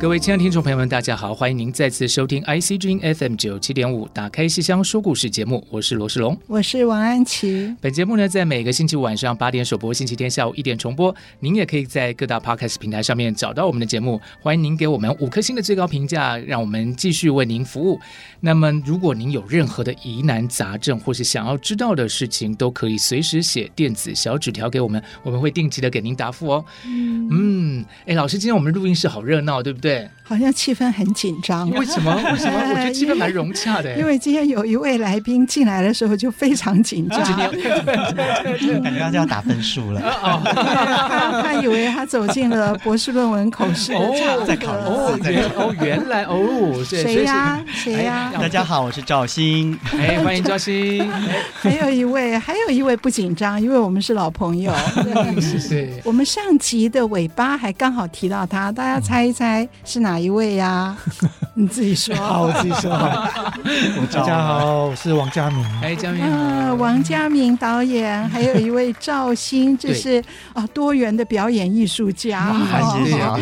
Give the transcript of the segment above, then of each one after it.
各位親愛的聽眾朋友們，大家好！歡迎您再次收聽 IC 之音 FM 九七點五《打開戲箱說故事》節目，我是羅世龍，我是王安琪。本節目呢，在每個星期五晚上八點首播，星期天下午一點重播。您也可以在各大 Podcast 平台上面找到我們的節目。歡迎您給我們五顆星的最高評價，讓我們繼續為您服務。那麼，如果您有任何的疑難雜症，或是想要知道的事情，都可以隨時寫電子小紙條給我們，我們會定期的給您答復哦。嗯，哎、嗯，老師，今天我們錄音室好熱鬧，對不對？對，好像氣氛很緊張。為什麼？為什麼？我覺得氣氛蠻融洽的。因為今天有一位來賓進來的時候就非常緊張，感覺就要打分數了。他以為他走進了博士論文口試。哦，在考哦，原來哦，誰呀？誰呀？大家好，我是兆欣。哎，歡迎兆欣。還有一位，還有一位不緊張，因為我們是老朋友。是是。我們上集的尾巴還剛好提到他，大家猜一猜。是哪一位呀，啊？ 你自己說。好，我自己說。好。大 家好，我是王嘉明。哎，嘉明。Hi, 嘉明呃、王嘉明導演， 還有一位兆欣，這是啊，多元的表演藝術家。啊，謝謝、啊啊。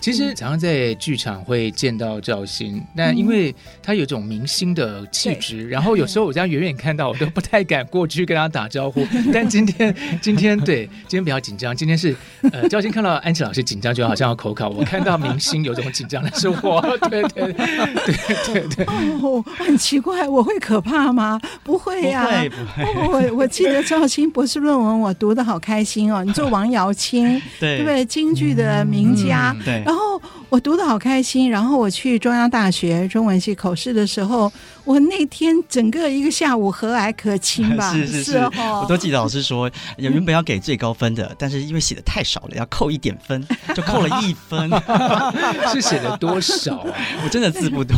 其實常常在劇場會見到兆欣，那因為他有種明星的氣質，嗯、然後有時候我這樣遠遠看到，我都不太敢過去跟他打招呼。 但今天，今天對，今天比較緊張。今天是呃，兆欣看到安祈老師緊張，就好像要口考。我看到明星有。 怎麼緊張的是我？對對對對對，對。 哦，很奇怪，我會可怕嗎？不會呀、啊哦，我我記得兆欣博士論文，我讀得好開心哦。你做王瑤卿，對不 對？京劇的名家，嗯嗯、對然後。我讀的好開心，然後我去中央大學中文系口試的時候，我那天整個一個下午和藹可親吧，是是，是後我都記得老師說，是原本要給最高分的，嗯、但是因為寫的太少了，要扣一點分，就扣了一分，是寫了多少、啊？我真的字不多，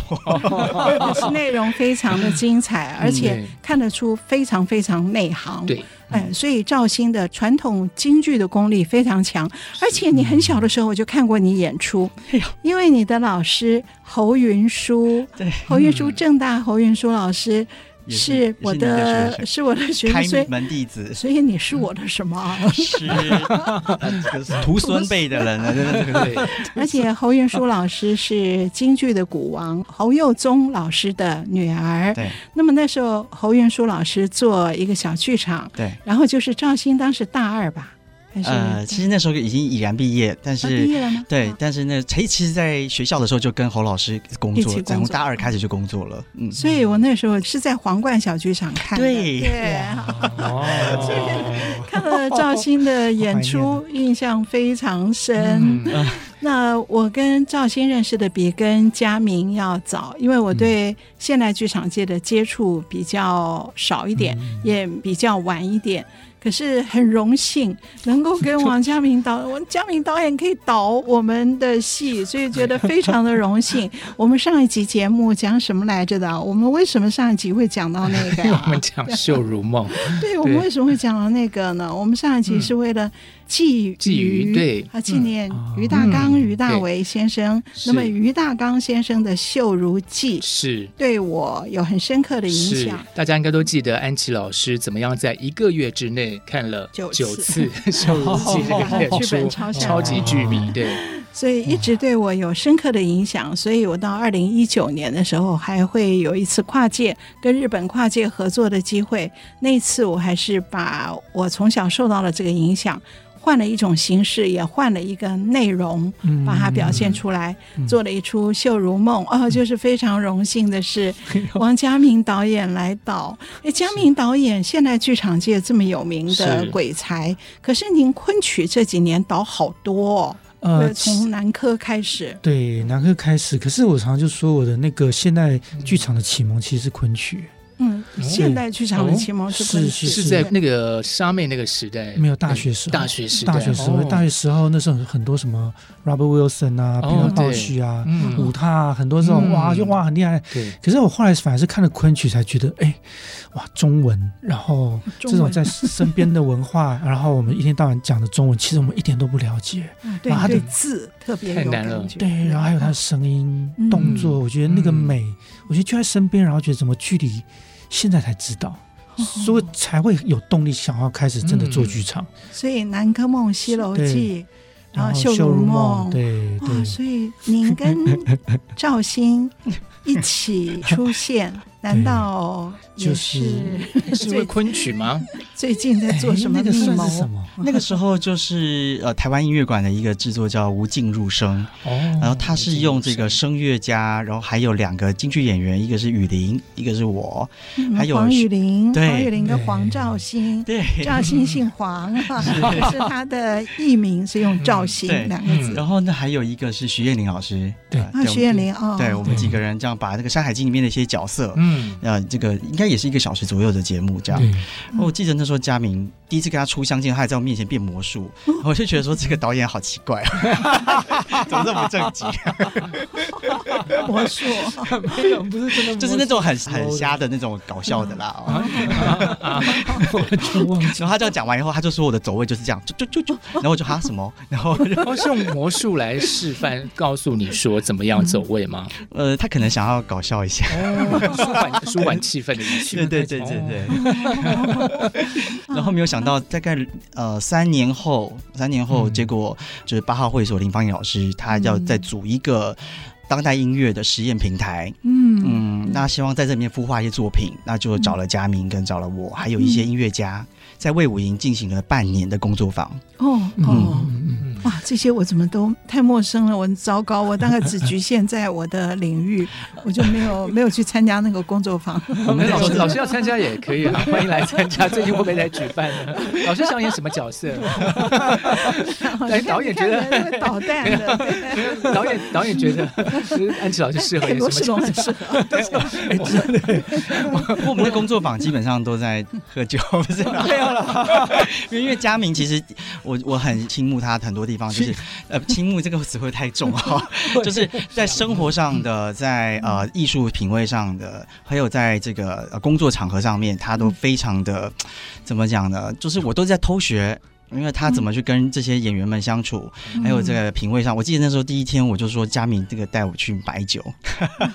但是 內容非常的精彩，而且看得出非常非常內行。對。嗯，所以兆欣的傳統京劇的功力非常強，而且你很小的時候我就看過你演出，因為你的老師侯雲舒，對嗯、侯雲舒，政大侯雲舒老師。是，是我的，是，的是我的學生，開門弟子，所以你是我的什麼？是徒孫輩的人。而且侯雲舒老師是京劇的鼓王， 侯佑宗老師的女兒。對，那麼那時候侯雲舒老師做一個小劇場，對，然後就是兆欣當時大二吧。呃，其實那時候已經已然畢業，但是、呃、畢業了對，但是那其實，在學校的時候就跟侯老師工作，工作從大二開始就工作了。作了嗯，所以我那時候是在皇冠小劇場看的，對，看了兆欣的演出， 印象非常深。嗯呃、那我跟兆欣認識的比跟嘉明要早，因為我對現代劇場界的接觸比較少一點，嗯、也比較晚一點。可是很榮幸能夠跟王嘉明導演， 王嘉明導演可以導我們的戲，所以覺得非常的榮幸。 我們上一集節目講什麼來着的、啊？我們為什麼上一集會講到那個、啊？ 我們講《繡襦夢》。 對，對我們為什麼會講到那個呢？我們上一集是為了、嗯。祭祭於對啊，紀念於俞大綱、俞、嗯、大維、嗯、先生。對那麼，於俞大綱先生的《繡襦記是》記》是對我有很深刻的影響。大家應該都記得安祈老師怎麼樣在一個月之內看了九次九次《 繡襦記》這個劇 本超，超級劇迷對。哦好好 所以一直對我有深刻的影響，所以我到二零一九年的時候還會有一次跨界跟日本跨界合作的機會。那次我還是把我從小受到了這個影響，換了一種形式，也換了一個內容，把它表現出來，嗯、做了一出《繡襦夢》嗯。哦，就是非常榮幸的是，王嘉明導演來導。哎呦，嘉明導演是現在劇場界這麼有名的鬼才，可是您昆曲這幾年導好多、哦。呃，從南柯開始，呃、對南柯開始。可是我常常就說，我的那個現代劇場的啟蒙其實是崑曲。嗯，現代劇場的啟蒙是是在那個莎妹那個時代，沒有大學時，大學時，大學時候，大學時候那時候很多什麼 Robert Wilson 啊、Pina Bausch 啊、舞踏啊，很多這種哇，就哇很厲害。對，可是我後來反而是看了崑曲，才覺得哎，哇，中文，然後這種在身邊的文化，然後我們一天到晚講的中文，其實我們一點都不了解。對，他的字特別太難了。對，然後還有他的聲音、動作，我覺得那個美，我覺得就在身邊，然後覺得怎麼距離。現在才知道，所以、哦、才會有動力想要開始真的做劇場、嗯。所以《南柯夢》《西樓記》，然後《繡襦夢》對，哇，所以您跟兆欣一起出現。 難道就是是因為崑曲嗎？最近在做什麼？那個時候，那個時候就是呃，台灣音樂館的一個制作叫《無盡入聲》，然後他是用這個聲樂家，然後還有兩個京劇演員，一個是宇琳，一個是我。還有黃宇琳，黃宇琳跟黃兆欣，對，兆欣姓黃，可是他的藝名，是用兆欣兩個字。然後呢還有一個是徐艷玲老師，對，徐艷玲哦，對我們幾個人這樣把那個《山海經》裡面的一些角色，嗯。那、嗯啊、這個應該也是一個小時左右的節目，這樣。對我記得那時候嘉明。第一次跟他初相見，他還在我面前變魔術，哦、我就覺得說這個導演好奇怪啊， 怎麼這麼正經、啊？魔術、啊、沒有，不是真的魔術，就是那種很很瞎的那種搞笑的啦。哦啊啊啊、 然後他這樣講完以後，他就說我的走位就是這樣，就就就就，然後我就哈、啊、什麼，然後然後、哦、是用魔術來示範告訴你說怎麼樣走位嗎、嗯？呃，他可能想要搞笑一下，舒緩舒緩氣氛的一句。 對對對對對、哦。 然後沒有想。想到大概呃三年後，三年後、嗯、結果就是八號會所林芳穎老師他要再組一個當代音樂的實驗平台，嗯嗯，那希望在這邊孵化一些作品，那就找了嘉明，跟找了我還有一些音樂家，在衛武營進行了半年的工作坊，哦、嗯、哦,哦哇，這些我怎麼都太陌生了，我很糟糕，我大概只局限在我的領域，我就沒有沒有去參加那個工作坊。我們老師老師要參加也可以啊，歡迎來參加，最近會不會來舉辦呢？老師想演什麼角色？哎，導演覺得？導彈。導演導演覺得安祈老師適合演什麼角色？過我們的工作坊基本上都在喝酒，不是沒有了，因為嘉明其實我我很傾慕他很多。地方就是， 呃，傾慕這個詞彙太重啊、哦， 就是在生活上的，在呃藝術品味上的，嗯、還有在這個工作場合上面，他都非常的，嗯、怎麼講呢？就是我都在偷學。因為他怎麼去跟這些演員們相處，嗯、還有這個品味上，我記得那時候第一天我就說，嘉明這個帶我去買酒，嗯、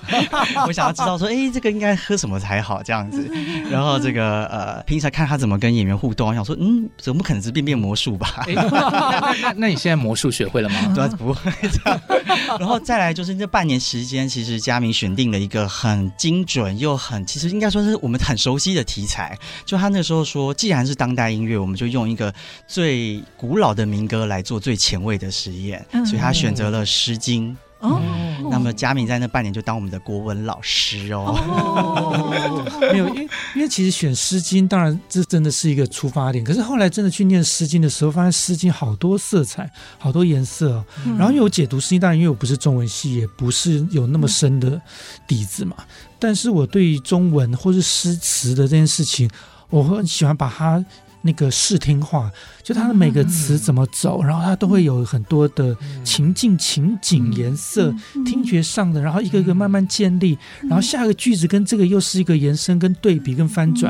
我想要知道說，哎、 欸，這個應該喝什麼才好這樣子。嗯、然後這個呃，平常看他怎麼跟演員互動，我想說，嗯，總不可能是變變魔術吧？那那你現在魔術學會了嗎？ 對、啊，不會這樣。然後再來就是這半年時間，其實嘉明選定了一個很精準又很其實應該說是我們很熟悉的題材。就他那時候說，既然是當代音樂，我們就用一個最。最古老的民歌來做最前衛的實驗，嗯、所以他選擇了《詩經》哦、嗯。那麼嘉明在那半年就當我們的國文老師哦。沒有，因為因為其實選《詩經》，當然這真的是一個出發點。可是後來真的去念《詩經》的時候，發現《詩經》好多色彩、好多顏色、哦嗯、然後有解讀《詩經》，當然因為我不是中文系，也不是有那麼深的底子嘛。嗯、但是我對於中文或是詩詞的這件事情，我很喜歡把它。那個視聽化，就它的每個詞怎麼走，然後它都會有很多的情境、情景、顏色、聽覺上的，然後一個個慢慢建立，然後下一個句子跟這個又是一個延伸、跟對比、跟翻轉。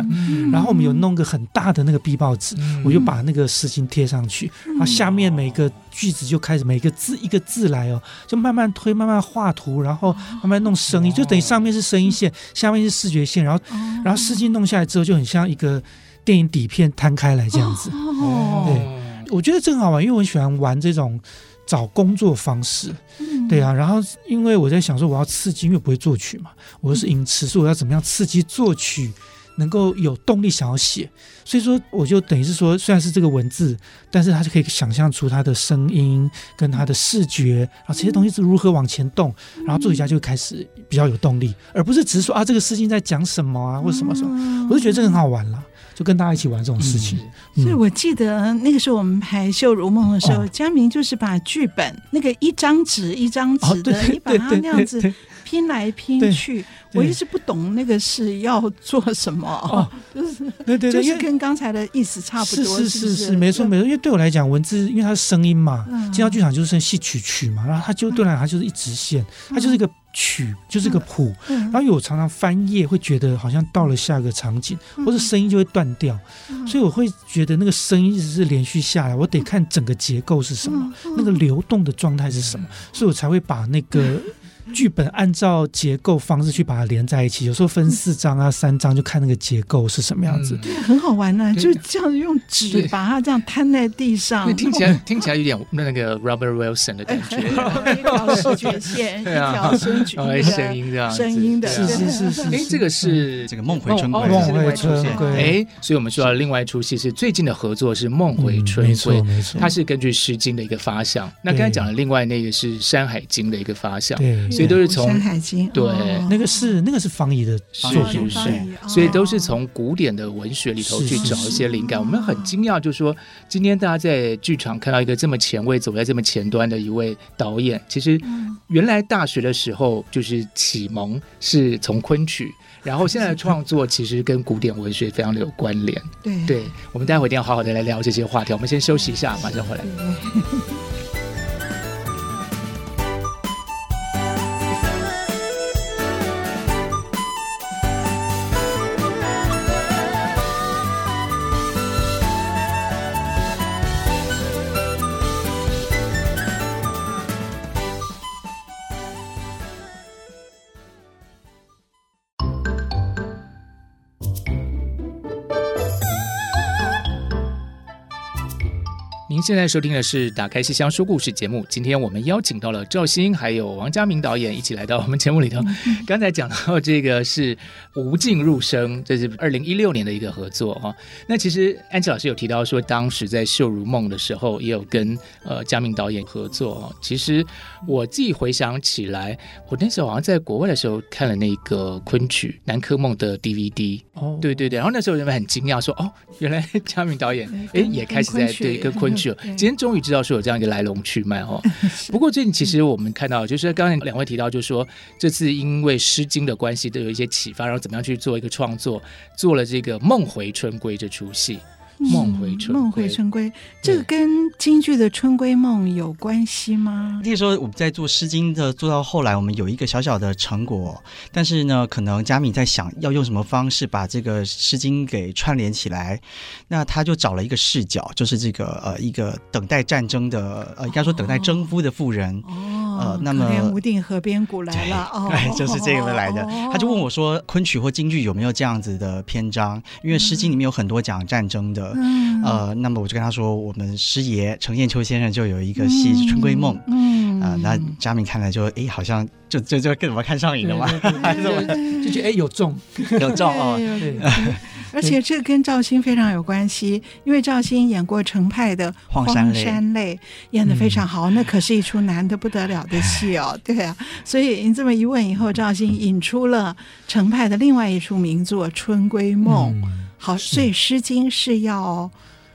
然後我們有弄個很大的那個壁報紙，我就把那個詩經貼上去，然後下面每個句子就開始每個字一個字來哦，就慢慢推、慢慢畫圖，然後慢慢弄聲音，就等於上面是聲音線，下面是視覺線，然後然後詩經弄下來之後就很像一個。電影底片攤開來這樣子，對，我覺得這很好玩，因為我很喜歡玩這種找工作方式，對啊，然後因為我在想說我要刺激，因為我不會作曲嘛，我就是因此說我要怎麼樣刺激作曲能夠有動力想要寫，所以說我就等於是說，雖然是這個文字，但是它是可以想象出它的聲音跟它的視覺，然後這些東西是如何往前動，然後作曲家就會開始比較有動力，而不是只是說啊這個事情在講什麼啊或什麼什麼，我就覺得這很好玩了。就跟大家一起玩這種事情，所以我記得那個時候我們排《繡襦夢》的時候，嘉明就是把劇本那個一張紙一張紙的，你把它那樣子拼來拼去，我一直不懂那個是要做什麼，就是對對，對。就是跟剛才的意思差不多。是是是是，沒錯沒錯。因為對我來講，文字因為它是聲音嘛，進到劇場就是戲曲曲嘛，然後它就對來講它就是一直線，它就是一個。曲就是個譜，嗯、然後有常常翻頁，會覺得好像到了下一個場景，嗯、或者聲音就會斷掉，嗯、所以我會覺得那個聲音一直是連續下來，我得看整個結構是什麼，嗯、那個流動的狀態是什麼，所以、嗯、我才會把那個。劇本按照結構方式去把它連在一起，有時候分四章啊、三章，就看那個結構是什麼樣子。對，很好玩吶，就是這樣用紙把它這樣攤在地上。聽起來聽起來有點那個 Robert Wilson 的感覺，一條視覺線，一條聲音這樣。聲音的。是是是是。哎，這個是這個夢迴春閨，夢迴春閨。哎，所以我們說到另外一齣戲是最近的合作是夢迴春閨。所以它是根據《詩經》的一個發想。那剛才講的另外那個是《山海經》的一個發想。對。所以都是從《山、嗯、對海經》對，那個、哦、是那個是方怡的作品是。所以都是從古典的文學裡頭去找一些靈感。是是是，我們很驚訝，就是說今天大家在劇場看到一個這麼前衛、走在這麼前端的一位導演。其實，原來大學的時候就是啟蒙是從昆曲，然後現在的創作其實跟古典文學非常的有關聯。是是對，對，我們待會一定要好好的來聊這些話題。我們先休息一下，馬上回來。 現在收聽的是《打開戲箱說故事》節目，今天我們邀請到了兆欣，還有王嘉明導演一起來到我們節目裡頭。嗯嗯、剛才講到這個是無《無盡入聲》，這是二零一六年的一個合作哈、哦。那其實安祈老師有提到說，當時在《繡襦夢》的時候也有跟呃嘉明導演合作、哦。其實我自己回想起來，我那時候好像在國外的時候看了那個崑曲《南柯夢》的 DVD。哦，對對對，然後那時候人們很驚訝說：“哦，原來嘉明導演哎跟也開始在對跟崑曲。”今天終於知道是有這樣一個來龍去脈哦。不過最近其實我們看到，就是剛才兩位提到，就是說這次因為《詩經》的關係，都有一些啟發，然後怎麼樣去做一個創作，做了這個《夢迴春閨》這出戲。夢、嗯、回春夢、嗯、回春閨，這個跟京劇的春閨夢有關係嗎？那時候我們在做《詩經》的，做到後來我們有一個小小的成果，但是呢，可能嘉明在想要用什麼方式把這個《詩經》給串聯起來，那他就找了一個視角，就是這個呃一個等待戰爭的呃應該說等待征夫的婦人哦、呃哦呃，那麼無定河邊骨來了哦，哦，就是這個來的，哦、他就問我說，崑曲或京劇有沒有這樣子的篇章？嗯、因為《詩經》裡面有很多講戰爭的。呃，那麼我就跟他說，我們師爺程硯秋先生就有一個戲是《春閨夢》，啊，那嘉明看了就哎，好像就就就更怎麼看上癮了嘛，就覺得哎有中有中啊，而且這跟兆欣非常有關係，因為兆欣演過程派的《荒山淚》，演得非常好，那可是一出難得不得了的戲哦，對啊，所以您這麼一問以後，兆欣引出了程派的另外一出名作《春閨夢》。好，所以《詩經》是要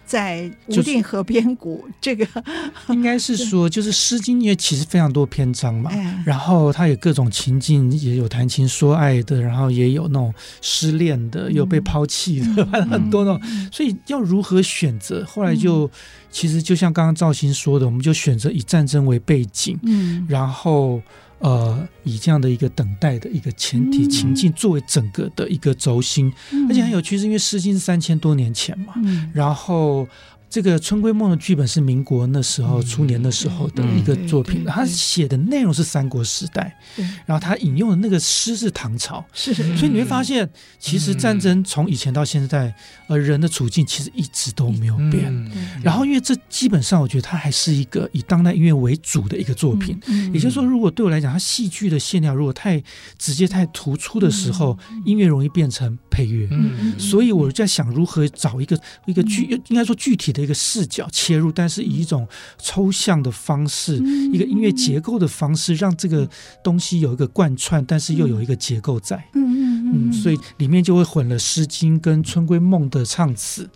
在無定河邊骨這個， 應該是說，就是《詩經》也其實非常多篇章嘛，哎、呀然後它有各種情境，也有談情說愛的，然後也有那種失戀的，有、嗯、被拋棄的，反、嗯、很多那種，嗯、所以要如何選擇？後來就、嗯、其實就像剛剛兆欣說的，我們就選擇以戰爭為背景，嗯，然後。呃，以這樣的一個等待的一個前提情境作為整個的一個軸心，嗯、而且很有趣，是因為《詩經》是三千多年前嘛，嗯、然後。這個《春閨夢》的劇本是民國那時候初年的時候的一個作品，他寫的內容是三國時代，然後他引用的那個詩是唐朝，是是，所以你會發現，其實戰爭從以前到現在，呃，人的處境其實一直都沒有變。然後，因為這基本上，我覺得它還是一個以當代音樂為主的一個作品，也就是說，如果對我來講，它戲劇的線條如果太直接、太突出的時候，音樂容易變成配樂，所以我就在想如何找一個一個具應該說具體的。一個視角切入，但是以一種抽象的方式，嗯、一個音樂結構的方式，嗯、讓這個東西有一個貫穿，但是又有一個結構在。嗯嗯嗯，所以裡面就會混了《詩經》跟《春閨夢》的唱詞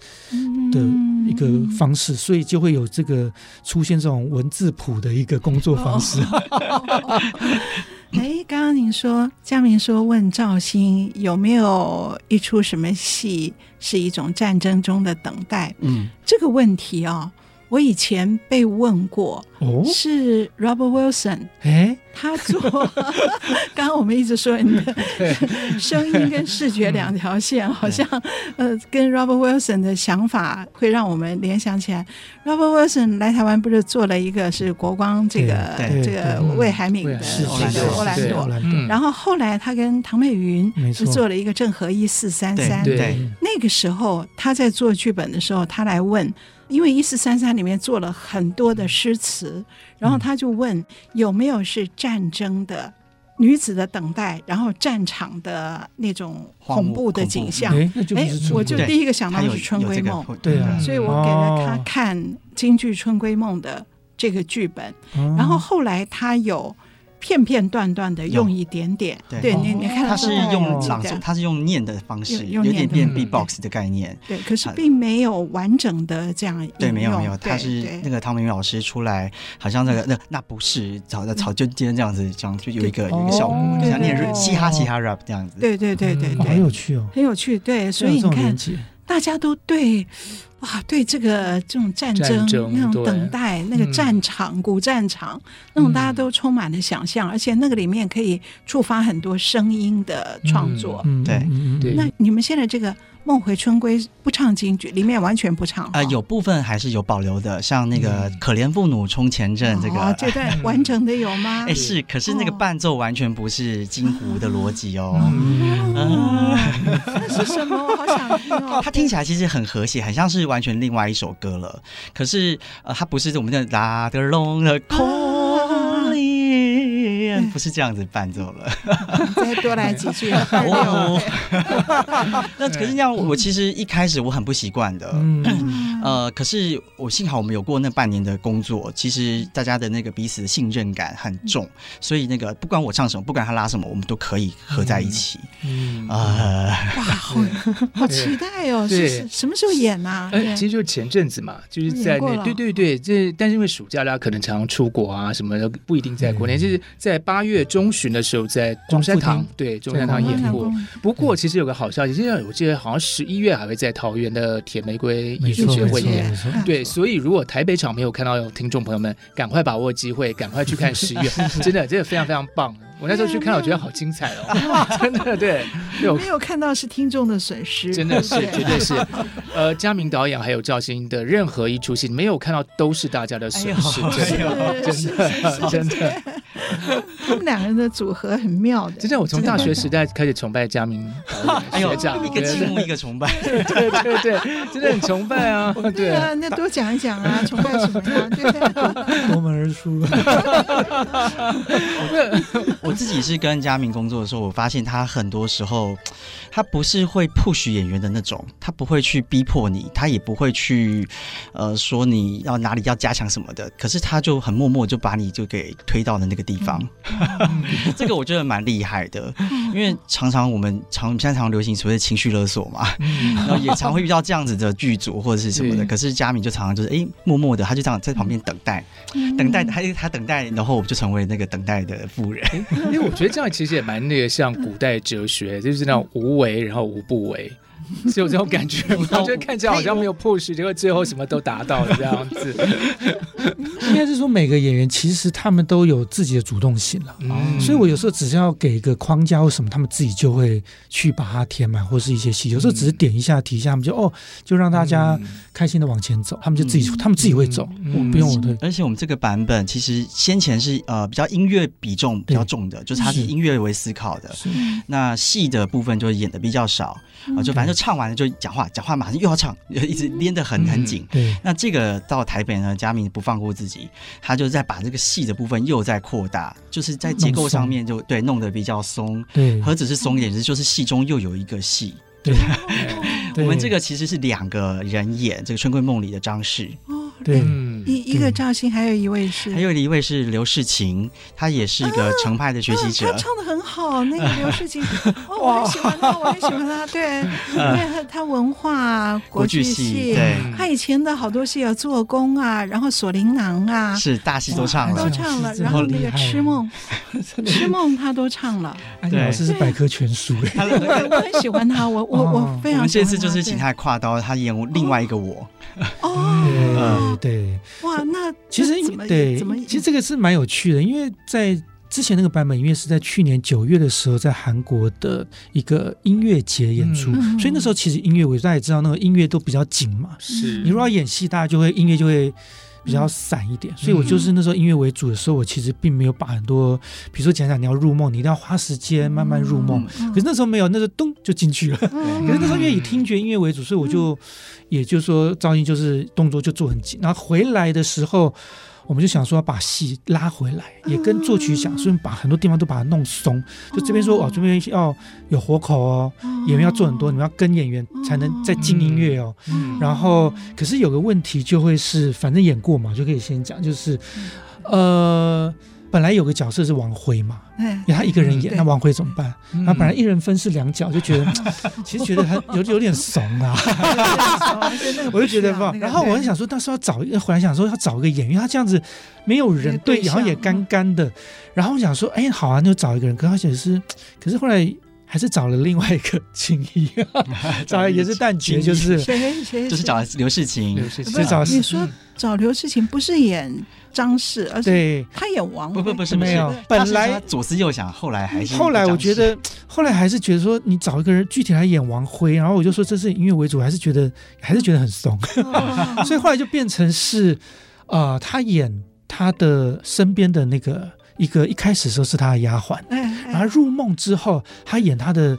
的一個方式，嗯、所以就會有這個出現這種文字譜的一個工作方式。哦哦、 哎，剛剛您說，嘉明說問兆欣有沒有一出什麼戲？是一種戰爭中的等待，嗯，這個問題啊、哦。我以前被問過，是 Robert Wilson，他做，剛剛我們一直說，你的聲音跟視覺兩條線，好像呃，跟 Robert Wilson 的想法會讓我們聯想起來。Robert Wilson 來台灣不是做了一個是國光這個這個魏海敏的《奧蘭多》，然後後來他跟唐美雲是做了一個《鄭和一四三三》。那個時候他在做劇本的時候，他來問。因為《一四三三》裡面做了很多的詩詞，然後他就問有沒有是戰爭的、女子的等待，然後戰場的那種恐怖的景象。哎誒，我就第一個想到的是《春閨夢》這個，對啊，所以我給了他看京劇《春閨夢》的這個劇本。哦、然後後來他有。片片段段的用一點點，對你你看他是用朗，他是用念的方式，有點變 beatbox 的概念。對，可是並沒有完整的這樣。對，沒有沒有，他是那個湯明老師出來，好像那個那那不是草草就今天這樣子講，就有一個一個效果。就像念嘻哈、嘻哈 rap 這樣子。對對對對對，很有趣哦，很有趣。對，所以你看。大家都對，哇，對這個這種戰爭、戰爭、那種等待、對那個戰場、嗯、古戰場，那種大家都充滿了想象，嗯、而且那個裡面可以觸發很多聲音的創作。對，那你們現在這個。夢迴春閨，不唱京劇，裡面完全不唱。哦、呃，有部分還是有保留的，像那個可憐父母充前陣這個。嗯、哦，這段完整的有嗎？哎、 欸，是，嗯、可是那個伴奏完全不是京胡的邏輯哦。那是什麼？我好想聽哦。 它聽起來其實很和諧，很像是完全另外一首歌了。可是呃，它不是我們這拉的隆的空。啊不是這樣子伴奏了， 再多來幾句。那可是這樣，我其實一開始我很不習慣的。呃，可是我幸好我們有過那半年的工作，其實大家的那個彼此的信任感很重，所以那個不管我唱什麼，不管他拉什麼，我們都可以合在一起。嗯啊，哇，好期待哦！是，什麼時候演吶？其實就前陣子嘛，就是在那對對對，這但是因為暑假大家可能常常出國啊什麼，不一定在國內，就是在八月中旬的時候在中山堂對中山堂演過。不過其實有個好消息，就是我記得好像十一月還會在桃園的鐵玫瑰藝術節。對，錯所以如果台北場沒有看到有聽眾朋友們，趕快把握機會，趕快去看十月， 真的，真的非常非常棒。我那時候去看，我覺得好精彩哦！真的，對，沒有看到是聽眾的損失，真的是，絕對是。呃，嘉明導演還有兆欣的任何一齣戲，沒有看到都是大家的損失，真的，真的，真的。他們兩個人的組合很妙的。真的，我從大學時代開始崇拜嘉明。哎呦，一個羨慕，一個崇拜，對對對，真的很崇拜啊！對啊，那多講一講啊，崇拜什麼？對。奪門而出。我自己是跟嘉明工作的時候，我發現他很多時候，他不是會 push 演員的那種，他不會去逼迫你，他也不會去，呃，說你要哪裡要加強什麼的。可是他就很默默就把你就給推到了那個地方，嗯嗯嗯、 這個我覺得蠻厲害的。嗯、因為常常我們常現在常流行所謂的情緒勒索嘛，嗯、然後也常會遇到這樣子的劇組或者是什麼的。嗯、可是嘉明就常常就是哎、欸，默默的他就這樣在旁邊等待，嗯、等待，他他等待，然後我就成為那個等待的婦人。 因為我覺得這樣其實也蠻那個，像古代哲學，就是那種無為，然後無不為。是有這種感覺嗎？我覺得看起來好像沒有 push，結果最後什麼都達到了這樣子。應該是說每個演員其實他們都有自己的主動性了，嗯、所以，我有時候只是要給一個框架或什麼，他們自己就會去把它填滿，或是一些戲。有時候只是點一下提一下，他們就哦，就讓大家開心的往前走，他們就自己、嗯、他們自己會走，嗯、不用我推。而且我們這個版本其實先前是呃比較音樂比重比較重的，欸、就是他是音樂為思考的，是那戲的部分就演的比較少啊，嗯、就反正就。唱完了就講話，講話馬上又要唱，一直黏得很很緊。嗯、對，那這個到台北呢，嘉明不放過自己，他就在把這個戲的部分又再擴大，就是在結構上面就弄鬆對弄得比較鬆。對何止是鬆一點，就是戲中又有一個戲。我們這個其實是兩個人演這個《春閨夢》裡的張氏。對。嗯一一個兆欣，還有一位是，還有一位是劉世琴，他也是一個程派的學習者，他唱得很好。那個劉世琴，我很喜歡他，我很喜歡他。對，因為他文化、國劇系，他以前的好多戲有做工啊，然後鎖麟囊啊，是大戲都唱了，都唱了，然後那個痴夢，痴夢他都唱了。對，老師是百科全書，我很喜歡他，我我我非常喜歡他。我這次就是請他跨刀，他演另外一個我。哦，對。哇，那其實那對，其實這個是蠻有趣的，因為在之前那個版本，因為是在去年九月的時候，在韓國的一個音樂節演出，嗯，所以那時候其實音樂，我大家也知道，那個音樂都比較緊嘛。是，你如果要演戲，大家就會音樂就會。比較散一點，嗯、所以我就是那時候音樂為主的時候，我其實並沒有把很多，比如說講講你要入夢，你一定要花時間慢慢入夢，嗯嗯、可是那時候沒有，那時候咚就進去了。嗯、可是那時候因為以聽覺音樂為主，所以我就，嗯、也就是說噪音就是動作就做很緊，然後回來的時候。我們就想說要把戲拉回來，也跟作曲想，呃、所以把很多地方都把它弄鬆。就這邊說哦，這邊要有活口哦，呃、演員要做很多，你們要跟演員才能再進音樂哦。嗯嗯、然後，可是有個問題就會是，反正演過嘛，就可以先講，就是、嗯、呃。本來有個角色是王恢嘛，因為他一個人演，那王恢怎麼辦？那本來一人分飾兩角，就覺得其實覺得他有有點慫啊，我就覺得吧，然後我就想說，到時候找一個，回來想說要找一個演員，他這樣子沒有人對，然後也乾乾的。然後我想說，哎，好啊，那就找一個人。可是也是，可是後來。還是找了另外一個青衣，找也是旦角，就是誰誰，就是找劉世琴。劉世琴，你說找劉世琴不是演張氏，而對他演王，不不不是沒有。本來左思右想，後來還是後來我覺得，後來還是覺得說，你找一個人具體來演王恢，然後我就說這是音樂為主，還是覺得還是覺得很鬆，所以後來就變成是，呃，他演他的身邊的那個。一個一開始時候是他的丫鬟，哎哎哎，然後入夢之後，他演他的。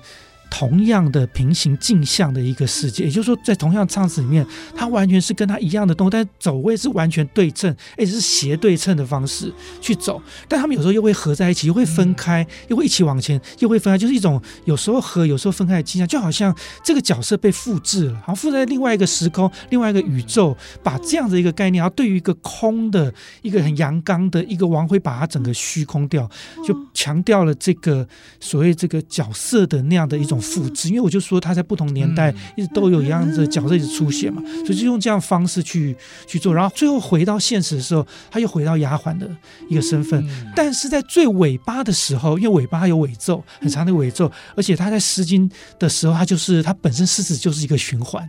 同樣的平行鏡像的一個世界，也就是說，在同樣場子裡面，它完全是跟它一樣的動作，但是走位是完全對稱，而且是斜對稱的方式去走。但他們有時候又會合在一起，又會分開，又會一起往前，又會分開，就是一種有時候合，有時候分開的鏡像，就好像這個角色被複製了，然後複製在另外一個時空、另外一個宇宙，把這樣的一個概念，然後對於一個空的、一個很陽剛的一個王恢把它整個虛空掉，就強調了這個所謂這個角色的那樣的一種。複製，因為我就說他在不同年代一直都有一樣的角色一直出現嘛，嗯、所以就用這樣方式去去做，然後最後回到現實的時候，他又回到丫鬟的一個身份，嗯、但是在最尾巴的時候，因為尾巴有尾奏，很長的尾奏，嗯、而且他在詩經的時候，他就是他本身詩詞就是一個循環，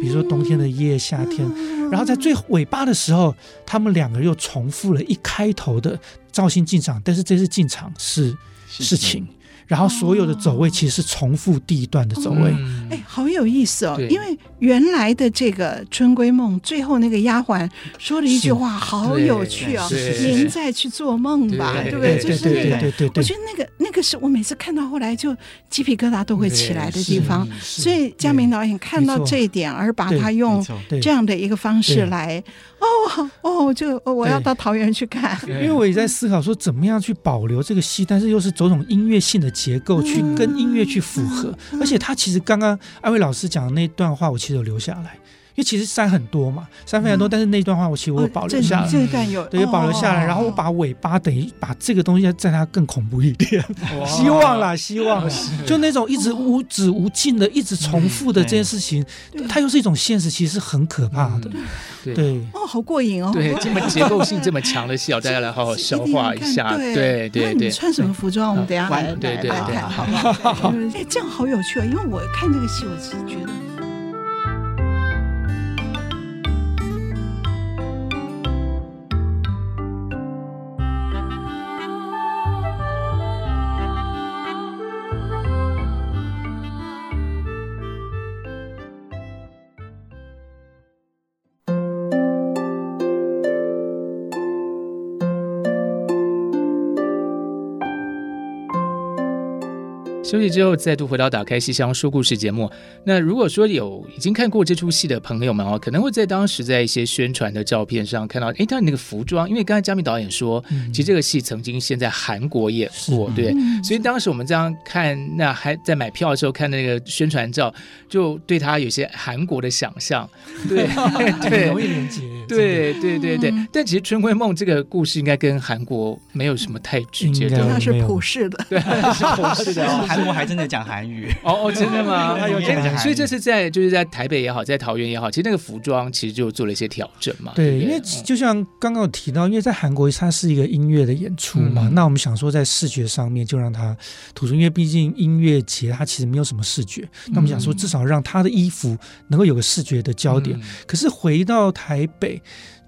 比如說冬天的夜，夏天，然後在最尾巴的時候，他們兩個又重複了一開頭的造型進場，但是這次進場是事情。謝謝然後所有的走位其實是重複第一段的走位，哎，好有意思哦！因為原來的這個春閨夢，最後那個丫鬟說了一句話，好有趣哦，“您再去做夢吧”，對不對？就是那個，我覺得那個那，是我每次看到後來就雞皮疙瘩都會起來的地方，所以嘉明導演看到這一點，對而把他用這樣的一個方式來，哦哦，就哦我要到桃園去看，因為我也在思考說怎麼樣去保留這個戲，但是又是走種音樂性的結構去跟音樂去符合，嗯、而且他其實剛剛安祈老師講的那段話，我其實有留下來。因為其實刪很多嘛，刪非常多，但是那段話我其實我保留下來，這段有，等於保留下來，然後我把尾巴等於把這個東西讓它更恐怖一點，希望啦，希望，就那種一直無止無盡的、一直重複的這件事情，它又是一種現實，其實是很可怕的。對，哦，好過癮哦，對，這麼結構性這麼強的戲，要大家來好好消化一下，對對對。穿什麼服裝？我們等下來對對來看，好不好？哎，這樣好有趣啊！因為我看這個戲，我其實覺得。休息之後，再度回到《打開戲箱說故事》節目。那如果說有已經看過這出戲的朋友們哦，可能會在當時在一些宣傳的照片上看到。誒、欸、他那個服裝，因為剛才嘉明導演說，其實這個戲曾經先在韓國演過，嗯、對。啊、所以當時我們這樣看，那還在買票的時候看那個宣傳照，就對他有些韓國的想象，對，很容易連接對對對對，但其實《春閨夢》這個故事應該跟韓國沒有什麼太直接的，是普世的，對，是普世的。韓國還真的講韓語哦哦，真的嗎？他有講韓語。所以這是在就是在台北也好，在桃園也好，其實那個服裝其實就做了一些調整嘛。對，因為就像剛剛有提到，因為在韓國它是一個音樂的演出嘛，那我們想說在視覺上面就讓它突出，因為畢竟音樂節它其實沒有什麼視覺，那我們想說至少讓他的衣服能夠有個視覺的焦點。可是回到台北。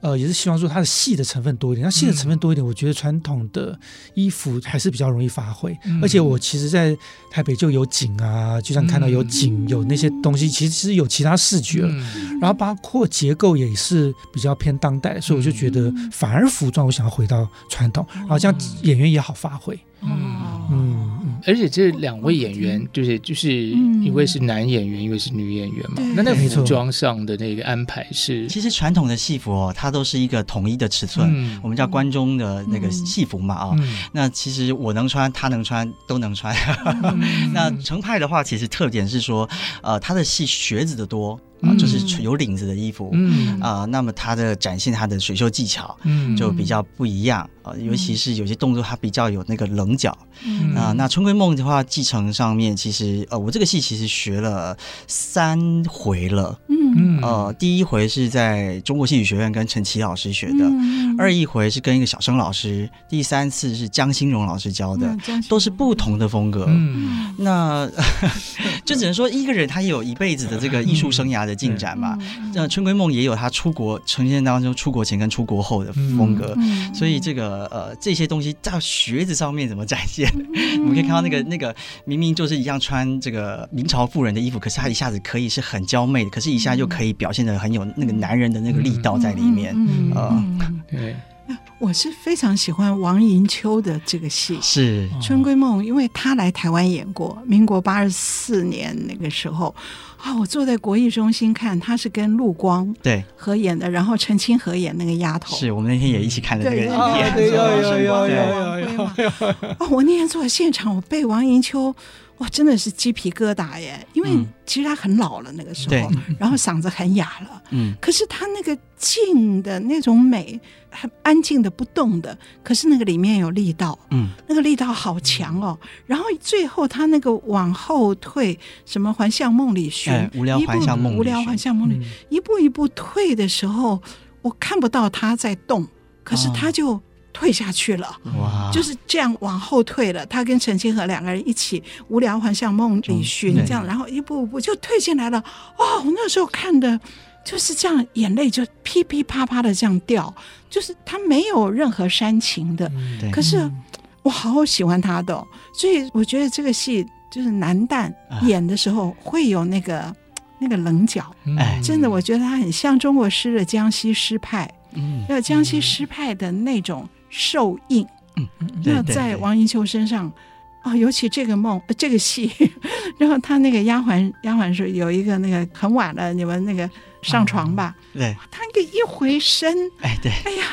呃，也是希望說它的戲的成分多一點，那戲的成分多一點，嗯、我覺得傳統的衣服還是比較容易發揮。嗯、而且我其實，在台北就有景啊，就像看到有景，嗯、有那些東西，其實，其實有其他視覺，嗯、然後包括結構也是比較偏當代，嗯、所以我就覺得反而服裝我想要回到傳統，然後這樣演員也好發揮，嗯。嗯嗯而且這兩位演員就是就是一位是男演員，一位是女演員嘛？嗯、那那個服裝上的那個安排是沒錯？是其實傳統的戲服哦，它都是一個統一的尺寸，嗯、我們叫關中的那個戲服嘛啊、哦。嗯、那其實我能穿，他能穿，都能穿。 那程派的話，其實特點是說，呃，他的戲靴子的多。啊、呃，就是有領子的衣服，啊、嗯呃，那麼他的展現他的水袖技巧就比較不一樣啊、嗯呃，尤其是有些動作他比較有那個稜角，啊、嗯呃，那春閨夢的話繼承上面，其實呃，我這個戲其實學了三回了，嗯呃，第一回是在中國戲曲學院跟陳琦老師學的，嗯、二一回是跟一個小生老師，第三次是江新蓉老師教的，都是不同的風格，嗯嗯、那 就只能說一個人他也有一輩子的這個藝術生涯的進展嘛，對那《春閨夢》也有他出國呈現當中出國前跟出國後的風格，嗯、所以這個呃這些東西在鞋子上面怎麼展現？我、嗯、 們可以看到那個那個明明就是一樣穿這個明朝婦人的衣服，可是他一下子可以是很嬌媚的，可是一下又可以表現的很有那個男人的那個力道在裡面嗯，嗯呃、對。我是非常喜歡王吟秋的這個戲，是《春閨夢》，因為他來台灣演過，民國八十四年那個時候啊、哦，我坐在國藝中心看，他是跟陸光對合演的，對然後陳清合演那個丫頭，是我們那天也一起看的那個演。有有有有有有。啊、哦！我那天坐在現場，我被王吟秋。哇，真的是雞皮疙瘩耶！因為其實他很老了、嗯、那個時候，對然後嗓子很啞了。嗯，可是他那個靜的那種美，很安靜的不動的，可是那個裡面有力道。嗯，那個力道好強哦。然後最後他那個往後退，什麼還向夢裡尋、哎，無聊還向夢裡，無聊還向夢裡，嗯、一步一步退的時候，我看不到他在動，可是他就。哦退下去了，哇就是這樣往後退了。他跟陳清河兩個人一起無聊還向，還像夢裡尋這樣，然後一步一步就退進來了。哦，我那時候看的就是這樣，眼淚就噼噼啪啪的這樣掉。就是他沒有任何煽情的，嗯、可是我好喜歡他的、哦，所以我覺得這個戲就是男旦演的時候會有那個、啊、那個稜角。嗯、真的，我覺得他很像中國詩的江西詩派，嗯、要、嗯、江西詩派的那種。受印，嗯、那在王銀秋身上，對對對哦，尤其這個夢、呃，這個戲，然後他那個丫鬟，丫鬟說有一個那個很晚了，你們那個上床吧。哦、對，他那個一回身，哎，對，哎呀，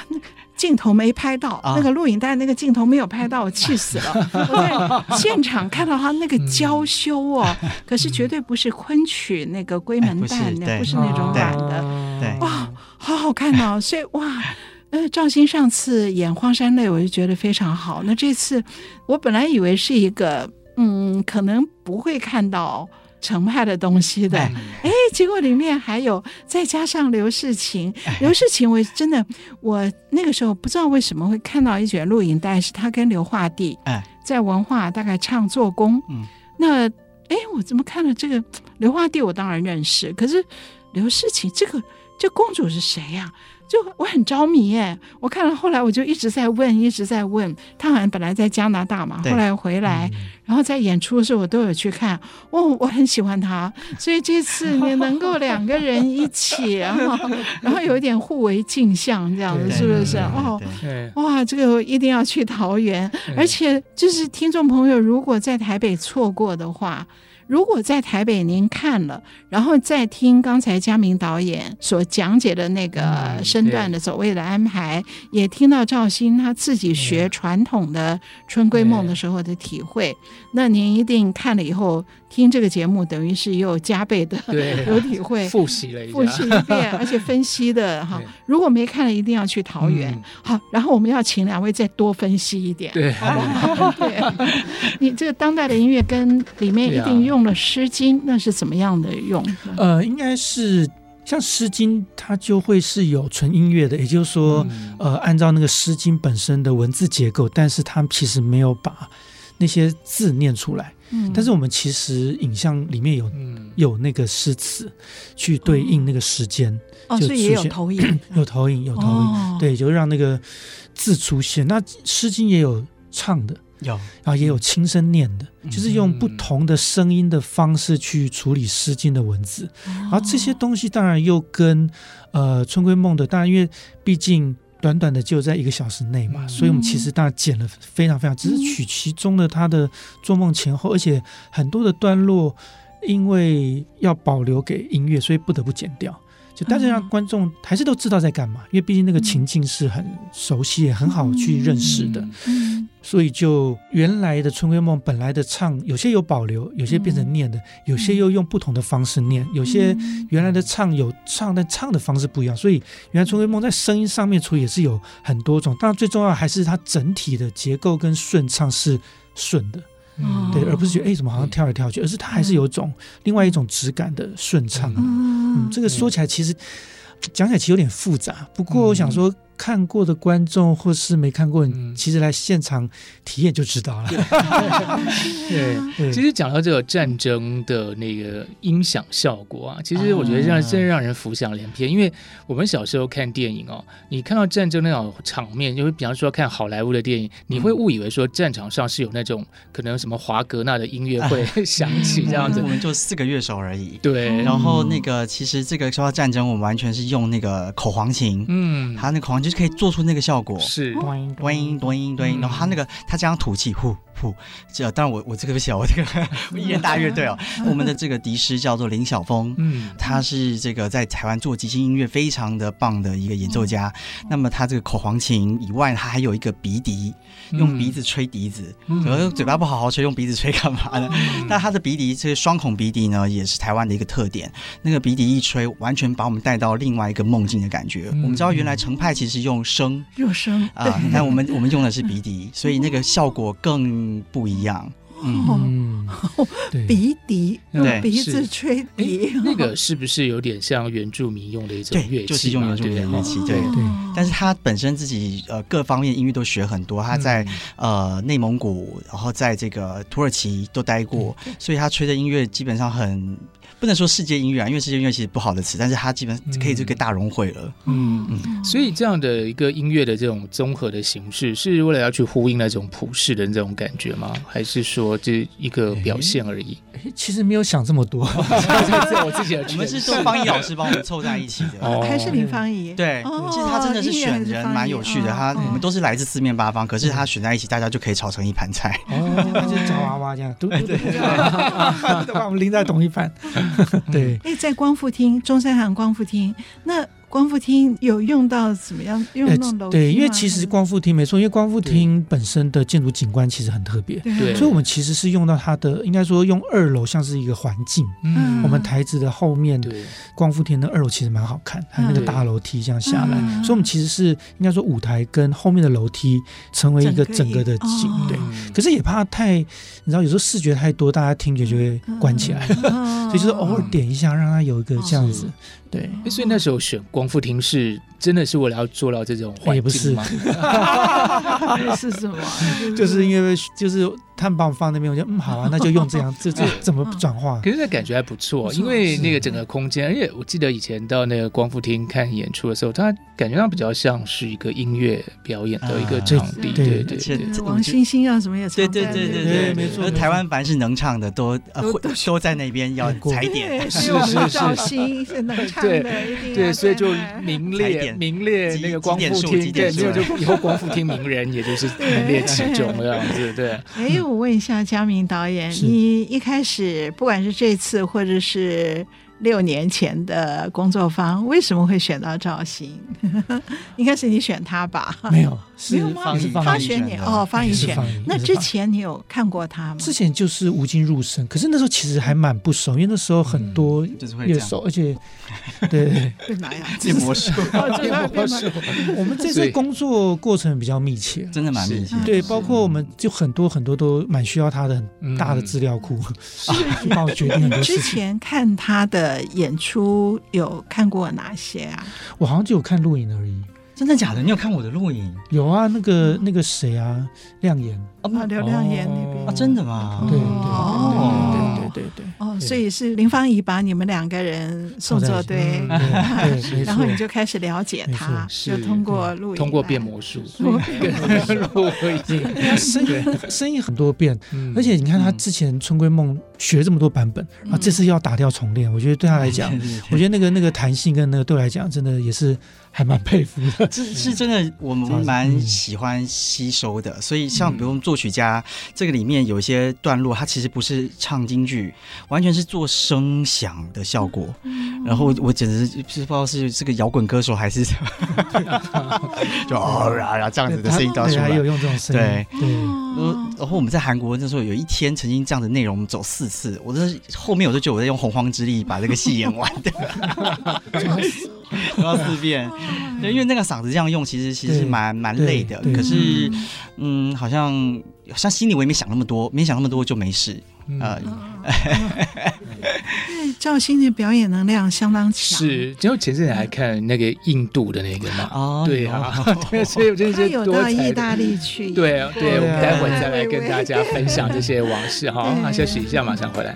鏡頭沒拍到，哦、那個錄影帶那個鏡頭沒有拍到，我氣死了。 現場看到他那個嬌羞哦，嗯、可是絕對不是崑曲那個閨門旦，那、哎、不，不是那種軟的，哦，對，對哇，好好看哦，所以哇。呃，兆欣上次演《荒山淚》，我就覺得非常好。那這次我本來以為是一個，嗯，可能不會看到程派的東西的。哎、嗯，結果裡面還有，再加上劉世琴。哎、劉世琴，我真的，哎、我那個時候不知道為什麼會看到一卷錄影帶，但是他跟劉畫弟、哎、在文化大概唱做工。嗯，那哎，我怎麼看了這個劉畫弟，我當然認識，可是劉世琴這個這公主是誰呀、啊？就我很着迷耶、欸，我看了後來我就一直在問，一直在問他好像本來在加拿大嘛，後來回來，對然後在演出的時候我都有去看，哦，我很喜歡他，所以這次你能夠兩個人一起， 然後，然後有一點互為鏡像這樣子，對是不是？對對對對哦，哇，這個一定要去桃園，而且就是聽眾朋友如果在台北錯過的話。如果在台北您看了，然後再聽剛才嘉明導演所講解的那個身段的走位的安排，嗯、也聽到兆欣他自己學傳統的《春閨夢》的時候的體會，嗯、那您一定看了以後。聽這個節目，等於是又有加倍的有體會，啊、複習了一，複習一遍，而且分析的哈。如果沒看的，一定要去桃園。嗯、好，然後我們要請兩位再多分析一點。對，好好對，你這個當代的音樂跟裡面一定用了《詩經》、啊，那是怎麼樣的用的？呃，應該是像《詩經》，它就會是有純音樂的，也就是說，嗯、呃，按照那個《詩經》本身的文字結構，但是它其實沒有把。那些字念出來，嗯、但是我們其實影像裡面有、嗯、有那個詩詞去對應那個時間，哦、就是、哦、也有投影， 有投影，有投影，哦、對，就讓那個字出現。那《詩經》也有唱的，有，然後也有輕聲念的，嗯、就是用不同的聲音的方式去處理《詩經》的文字。而、哦、這些東西當然又跟呃《春閨夢》的，當然因為畢竟。短短的就在一個小時內嘛，所以我們其實大家剪了非常非常，只是取其中的他的做夢前後，而且很多的段落。因為要保留給音樂，所以不得不剪掉。就但是讓觀眾還是都知道在幹嘛，嗯、因為畢竟那個情境是很熟悉也、嗯、很好去認識的。嗯、所以就原來的《春閨夢》本來的唱，有些有保留，有些變成念的，嗯、有些又用不同的方式念，有些原來的唱有唱，嗯、但唱的方式不一樣。所以原來《春閨夢》在聲音上面，其實也是有很多種。當然，最重要的還是它整體的結構跟順暢是順的。嗯、對，而不是覺得哎、欸，怎麼好像跳來跳去，對而是它還是有一種對另外一種質感的順暢、啊、嗯，嗯這個說起來其實講對起來其實有點複雜，不過我想說。嗯看過的觀眾或是沒看過，嗯、其實來現場體驗就知道了。對， 對，其實講到這個戰爭的那個音響效果啊，啊其實我覺得這樣真讓人浮想聯翩。啊、因為我們小時候看電影哦，你看到戰爭那種場面，就是比方說看好萊塢的電影，你會誤以為說，戰場上是有那種可能什麼華格納的音樂會響起這樣子。啊、我們就四個樂手而已。對，然後那個、嗯、其實這個說到戰爭，我們完全是用那個口簧琴，嗯，他那個簧。就是可以做出那個效果，是，嘟音、哦、嘟音嘟音，然後他那個他這樣吐氣，呼、嗯、呼，這當然我我這個不行，我這個 我一人大樂隊 哦，我們的這個笛師叫做林曉峰，嗯，他是這個在台灣做即興音樂非常的棒的一個演奏家，嗯、那麼他這個口簧琴以外，他還有一個鼻笛。用鼻子吹笛子，可能，嗯嗯、嘴巴不好好吹，用鼻子吹幹嘛呢？嗯、那他的鼻笛，這個雙孔鼻笛呢，也是台灣的一個特點。那個鼻笛一吹，完全把我們帶到另外一個夢境的感覺。嗯、我們知道，原來程派其實用聲，用聲啊，那、呃、對、我們我們用的是鼻笛，所以那個效果更不一樣。嗯、哦，對鼻笛對，鼻子吹笛，那個是不是有點像原住民用的一種樂器對、就是、用原住民的樂器對，對，對，對。但是他本身自己呃各方面音樂都學很多，他在、嗯、呃內蒙古，然後在這個土耳其都待過，嗯、所以他吹的音樂基本上很不能說世界音樂啊，因為世界音樂其實不好的詞，但是他基本可以這個大融匯了。嗯嗯，嗯所以這樣的一個音樂的這種綜合的形式，是為了要去呼應那種普世的這種感覺嗎？還是說？我就一個表現而已，其實，沒有想這麼多，我們是做方譯老師幫我們湊在一起的，開視頻方譯。對，其實他真的是選人蠻有趣的，他，我們都是來自四面八方，可是他選在一起，大家就可以炒成一盤菜，哦。就是抓娃娃這樣。對對，都把我們拎在同一班。對，哎，在光復廳，中山堂光復廳那。光復廳有用到怎麼樣用到樓梯嗎？、欸、對，因為其實光復廳沒錯，因為光復廳本身的建築景觀其實很特別，對所以我們其實是用到它的，應該說用二樓像是一個環境。嗯對，我們台子的後面，嗯、光復廳的二樓其實蠻好看，對還有那個大樓梯這樣下來，對所以我們其實是應該說舞台跟後面的樓梯成為一個整個的景，哦、對。可是也怕太，你知道有時候視覺太多，大家聽覺就會關起來，嗯嗯、 所以就是偶爾、嗯哦、點一下，讓它有一個這樣子。嗯對、欸，所以那時候選光復廳是真的是為了要做到這種環境嗎？也不是什麼，就是因為就是。他們把我放那邊，我就嗯好啊，那就用這樣，這這怎麼轉化？可是那感覺還不錯，因為那個整個空間，而且我記得以前到那個光復廳看演出的時候，他感覺他比較像是一個音樂表演的一個場地，對對對。王心心啊什麼也唱，對對對對對，沒錯。台灣凡是能唱的都呃都都在那邊要踩點，是是是，對對，所以就名列名列那個光復廳，對，以後以後光復廳名人也就是名列其中這樣子，對。我問一下嘉明導演，是你一開始不管是這次或者是六年前的工作坊，為什麼會選到兆欣 應該是你選他吧？沒有。沒有嗎？方學你哦，方宇全。那之前你有看過他嗎？之前就是吳京入神，可是那時候其實還蠻不熟，因為那時候很多也熟，而且對，哪樣？變魔術，變魔術。我們這次工作過程比較密切，真的蠻密切。對，包括我們就很多很多都蠻需要他的很大的資料庫，是幫我決定很多事情。之前看他的演出，有看過哪些啊？我好像只有看錄影而已。真的假的？你有看我的錄影？有啊，那個那個誰啊，亮眼，啊，不，劉亮眼那邊啊，真的嗎？對對對對對對對。哦，所以是林芳怡把你們兩個人送作堆。然後你就開始了解他，就通過錄影，通過變魔術，錄影，他聲音聲音很多變，而且你看他之前春閨夢。學這麼多版本，然後這次要打掉重練，我覺得對他來講，我覺得那個那個彈性跟那個對我來講，真的也是還蠻佩服的。是是真的，我們蠻喜歡吸收的。所以像比如我們作曲家這個裡面有一些段落，他其實不是唱京劇，完全是做聲響的效果。然後我簡直是不知道是這個搖滾歌手還是什麼，就啊然後這樣子的聲音到出來，還有用這種聲音對對。然後我們在韓國那時候有一天曾經這樣的內容走四。次，我、就是後面我就覺得我在用洪荒之力把這個戲演完的，然後四遍， 對，因為那個嗓子這樣用其，其實其實蠻蠻累的，可是，嗯，嗯，好像好像心裡我也沒想那麼多，沒想那麼多就沒事。啊，因為兆欣的表演能量相當強，是。然後前陣子還看那個印度的那個嘛。哦，對啊，所以我這些有到意大利去，對對，我們待會再來跟大家分享這些往事哈，那休息一下，馬上回來。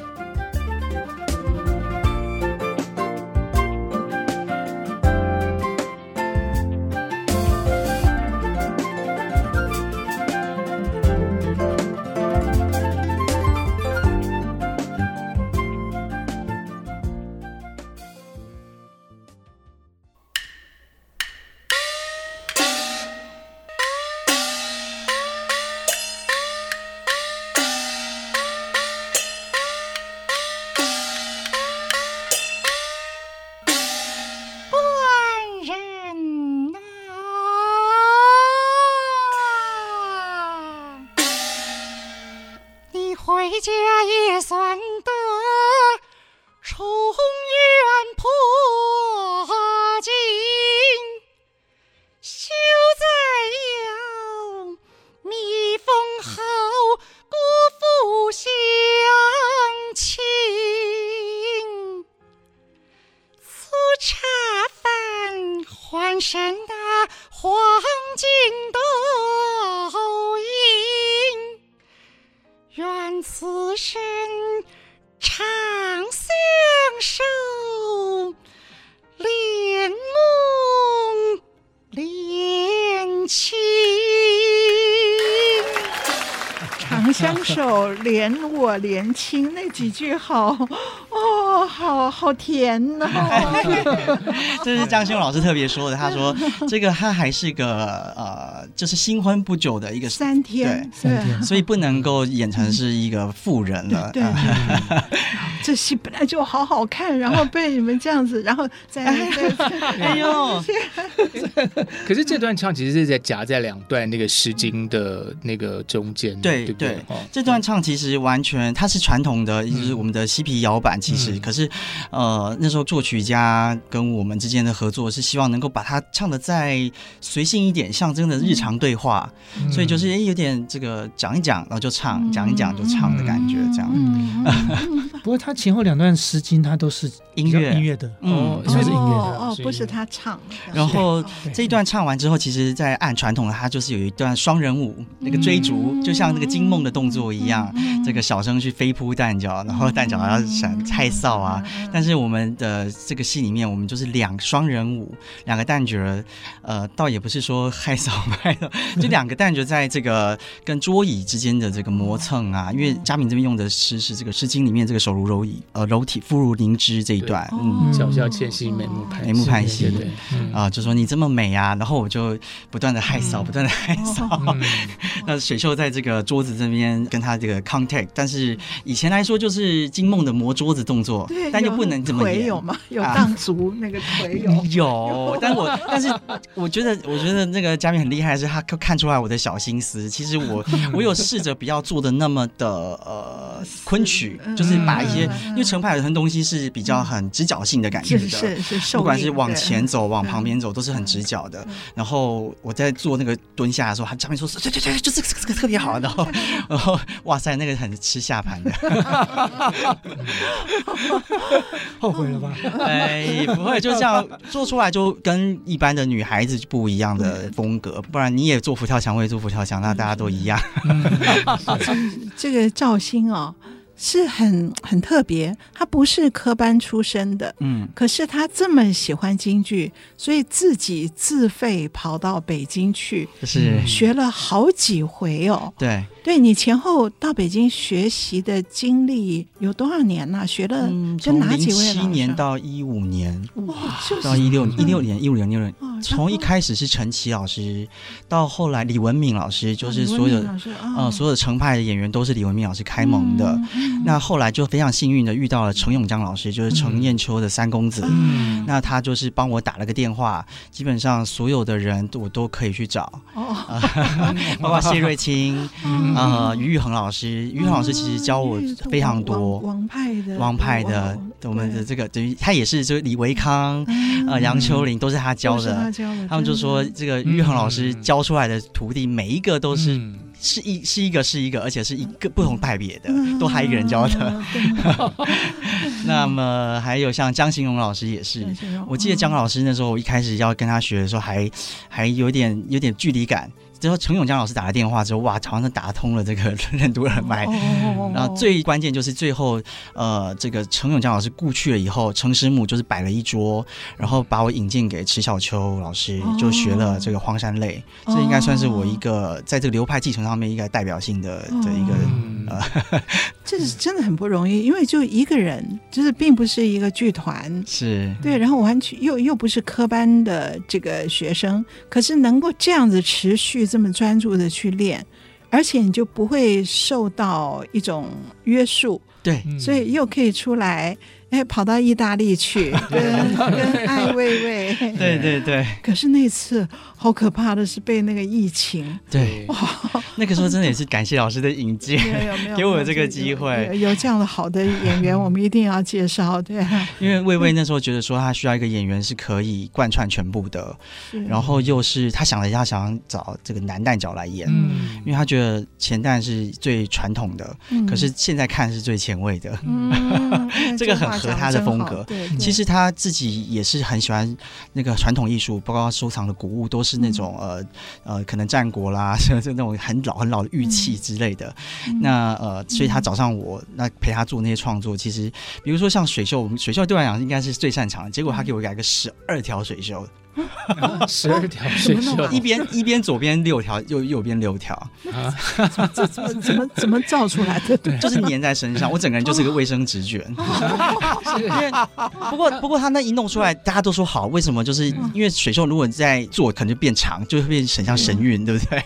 憐我憐卿那幾句好哦，好好甜吶、哦啊！ 這是張星老師特別說的，他說這個他還是個呃，就是新婚不久的一個三天對三天，對三天，所以不能夠演成是一個婦人了。嗯、對，對，對，對， 這戲本來就好好看，然後被你們這樣子， 然後再哎呦！ 可是這段唱其實是在夾在兩段那個詩經的那個中間，對對。這段唱其實完全它是傳統的，就是我們的西皮搖板。其實，可是呃那時候作曲家跟我們之間的合作是希望能夠把它唱得再隨性一點，像真的日常對話。所以就是有點這個講一講，然後就唱，講一講就唱的感覺這樣。不過它前後兩段詩經它都是音樂音樂的，嗯，所以是音樂哦，不是他唱，然後。這一段唱完之後，其實，在按傳統的，它就是有一段雙人舞，那個追逐，嗯、就像那個《驚夢》的動作一樣。嗯、這個小生去飛撲旦角，然後旦角要閃，嗯、害臊啊！但是我們的這個戲裡面，我們就是兩雙人舞，兩個旦角，呃，倒也不是說害臊害 就兩個旦角在這個 跟桌椅之間的這個磨蹭啊。因為嘉明這邊用的是是這個《詩經》裡面這個“手如柔荑，呃，柔體膚如凝脂”這一段，哦、嗯，巧笑倩兮，眉目盼眉目盼兮，盼對啊、嗯呃，就說你。你這麼美呀，然後我就不斷的害臊，不斷的害臊。那水秀在這個桌子這邊跟他這個 contact，但是以前來說就是金夢的磨桌子動作，但又不能怎麼沒有嗎？有盪足那個腿有有，但我但是我覺得我覺得那個嘉明很厲害，是他看出來我的小心思。其實我我有試着比較做的那麼的呃崑曲，就是把一些因為程派有很多東西是比較很直角性的感覺，是是是，不管是往前走往旁邊走都是。很直角的，嗯、然後我在做那個蹲下的時候，他上面說：“對對對，就這個這個這個特別好。”然後，然後哇塞，那個很吃下盤的，後悔了吧？嗯嗯、哎，不會，就這樣做出來就跟一般的女孩子不一樣的風格，不然你也做佛跳牆，我也做佛跳牆，那大家都一樣。嗯嗯、所以這個兆欣啊。是很很特別，他不是科班出身的。嗯，可是他這麼喜歡京劇，所以自己自費跑到北京去，是、嗯、學了好幾回哦。嗯、對，對你前後到北京學習的經歷有多少年了、啊？學了跟哪幾位老師啊？從零七年到一五年，哇，就是、到一六一六年，一五年一六年，從、哦、一開始是陳琦老師，到後來李文敏老師，就是所有、哦、嗯，所有程派的演員都是李文敏老師開蒙的。嗯 那後來就非常幸運的遇到了程永江老師，就是程硯秋的三公子。嗯，那他就是幫我打了個電話，基本上所有的人我都可以去找。哦、嗯，嗯、 包括謝瑞清，啊、嗯嗯呃，於玉衡老師。於玉衡老師其實教我非常多王，嗯嗯嗯。王派的，王派的，我們的這個等於他也是，就是李維康，嗯、呃，楊秋玲都是他教的。他，教的他們就說這個於玉衡老師教出來的徒弟每一個都是。是一是一個是一個，而且是一個不同派別的，嗯嗯、都還一個人教的。那麼還有像江新榮老師也是，嗯嗯、我記得江老師那時候，我一開始要跟他學的時候還，還還有點有點距離感。之後，程永江老師打了電話之後，哇，好像是打通了這個任督二脈。Oh, oh, oh, oh. 然後最關鍵就是最後，呃，這個程永江老師故去了以後，程師母就是擺了一桌，然後把我引薦給遲小秋老師，就學了這個《荒山淚》，這、oh. 應該算是我一個在這個流派繼承上面一個代表性的這一個、oh. 呃，這是真的很不容易，因為就一個人，就是並不是一個劇團，是對，然後完全又又不是科班的這個學生，可是能夠這樣子持續。這麼專注的去練，而且你就不會受到一種約束，對，嗯，所以又可以出來。哎，跑到意大利去跟跟艾薇薇，對對對。可是那次好可怕的是被那個疫情。對。那個時候真的也是感謝老師的引薦，沒有沒有，給我這個機會。有這樣的好的演員，我們一定要介紹，對。因為薇薇那時候覺得說她需要一個演員是可以貫穿全部的，然後又是她想了一下，想找這個男旦角來演，嗯，因為她覺得乾旦是最傳統的，可是現在看是最前衛的，嗯，這個很。和他的風格，其實他自己也是很喜歡那個傳統藝術，包括收藏的古物都是那種呃呃，可能戰國啦，是那種很老很老的玉器之類的。那呃，所以他找上我，那陪他做那些創作。其實比如說像水袖，水袖對我來講應該是最擅長的，結果他給我改個十二條水袖。十二條水袖，一邊一邊，左邊六條，右右邊六條，啊，怎麼怎麼怎麼造出來的？對，就是粘在身上，我整個人就是個衛生紙卷。不過不過他那一弄出來，大家都說好。為什麼？就是因為水袖如果在做，可能就變長，就會變成像神韻，對不對？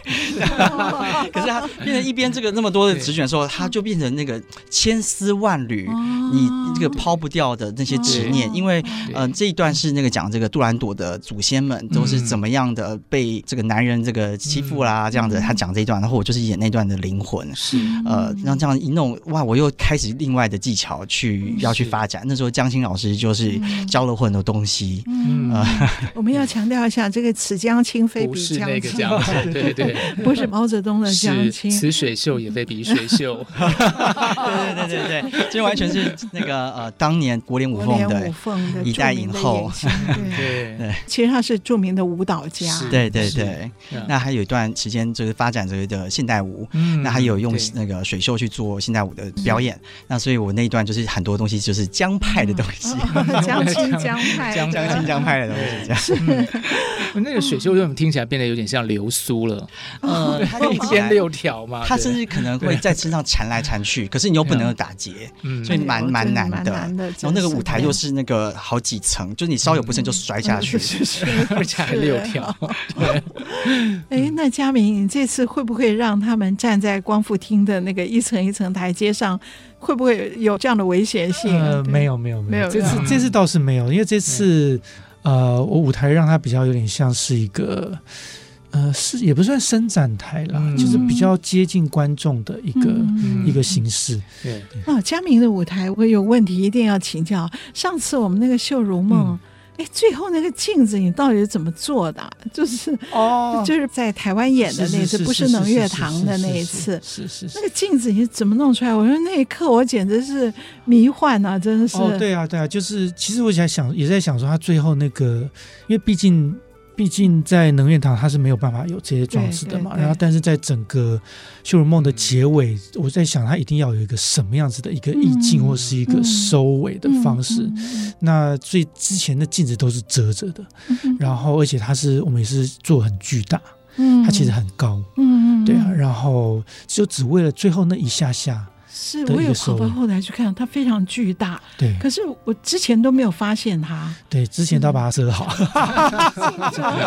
可是他變成一邊這個那麼多的紙卷的時候，他就變成那個千絲萬縷，你這個拋不掉的那些執念。因為嗯，這一段是那個講這個杜蘭朵的。祖先們都是怎麼樣的被這個男人這個欺負啦？這樣的，他講這一段，然後我就是演那段的靈魂。是呃，讓這樣一弄，哇！我又開始另外的技巧去要去發展。是那時候江青老師就是教了我很多東西。嗯，嗯呃、我們要強調一下，這個此江青非彼江青。江青對，對對，不 對是毛澤東的江青。此水秀也非彼水秀。 對對對對對，這完全是那個呃，當年國聯五鳳的五鳳的一代影後。對對。對對他是著名的舞蹈家，對對對。那還有一段時間，就是發展這個現代舞，那還有用那個水袖去做現代舞的表演。那所以我那一段就是很多東西就是江派的東西，江青江派，江青江派的東西。那個水袖就聽起來變得有點像流蘇了。對。它一千六條嘛，它甚至可能會在身上纏來纏去，可是你又不能打結，所以蠻蠻難的。然後那個舞台又是那個好幾層，就是你稍有不慎就摔下去。而且還六條，哎，那嘉明，你這次會不會讓他們站在光復廳的那個一層一層台階上？會不會有這樣的危險性？呃，沒有，沒有，沒有。這次這次倒是沒有，因為這次呃，我舞台讓它比較有點像是一個呃，是也不算伸展台了，就是比較接近觀眾的一個一個形式。對啊，嘉明的舞台我有問題一定要請教。上次我們那個《繡襦夢》。哎，最後那個鏡子你到底是怎麼做的？就是哦，就是在台灣演的那次，不是能樂堂的那一次，是是。那個鏡子你怎麼弄出來？我說那一刻我簡直是迷幻啊，真的是。哦，對啊，對啊，就是其實我在想，也在想說他最後那個，因為畢竟。畢竟在能源堂，它是沒有辦法有這些裝飾的嘛。對對對，然後，但是在整個《繡襦夢》的結尾，我在想，它一定要有一個什麼樣子的一個意境，或是一個收尾的方式。嗯嗯嗯嗯嗯、那最之前的鏡子都是遮着的，嗯嗯、然後而且它是我們也是做很巨大，它其實很高，嗯，嗯對啊，然後就只為了最後那一下下。是我有爬到後台去看，它非常巨大。對，可是我之前都沒有發現它。對，之前都要把它遮好。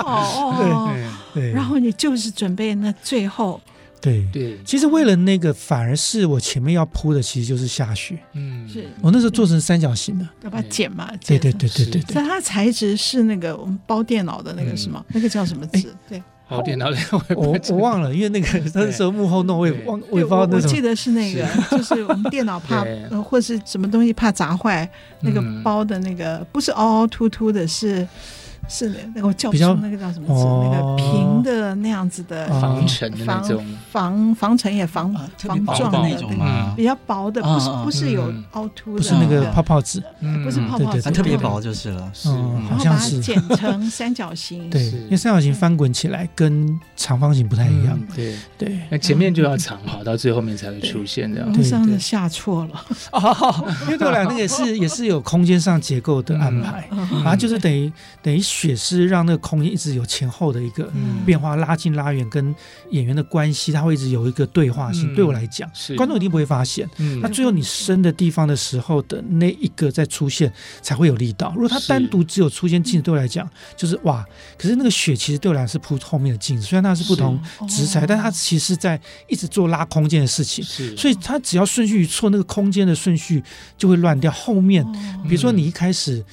哦，對。然後你就是準備那最後。對對。其實為了那個，反而是我前面要鋪的，其實就是下雪。嗯，是我那時候做成三角形的，要把它剪嘛。對對對對對。它材質是那個我們包電腦的那個什麼，那個叫什麼紙？對。哦，電腦裡我我,我忘了，因為那個那時候幕後弄，我也忘，我記得是那個，是就是我們電腦怕， 呃、或是什麼東西怕砸壞， 那個包的那個不是凹凹凸凸的，是。嗯是是的，那個叫比較那個叫什麼紙，那個平的那樣子的防塵的那種，防防塵也防防撞那種嘛，比較薄的，不是不是有凹凸的，不是那個泡泡紙，不是泡泡紙，特別薄就是了，是，好像是剪成三角形，對，因為三角形翻滾起來跟長方形不太一樣，對對，那前面就要藏好，到最後面才會出現這樣，上次下錯了，哦，因為對了，那個是也是有空間上結構的安排，反正就是等於等於。雪是讓那個空間一直有前後的一個變化，嗯、拉近拉遠，跟演員的關係，它會一直有一個對話性。嗯、對我來講，是觀眾一定不會發現。嗯，那最後你升的地方的時候的那一個再出現，才會有力道。如果它單獨只有出現鏡子，是對我來講就是哇。可是那個雪其實對我來講是鋪後面的鏡子，雖然它是不同紙材，哦、但它其實是在一直做拉空間的事情。是，所以它只要順序一錯，那個空間的順序就會亂掉。後面、哦、比如說你一開始。嗯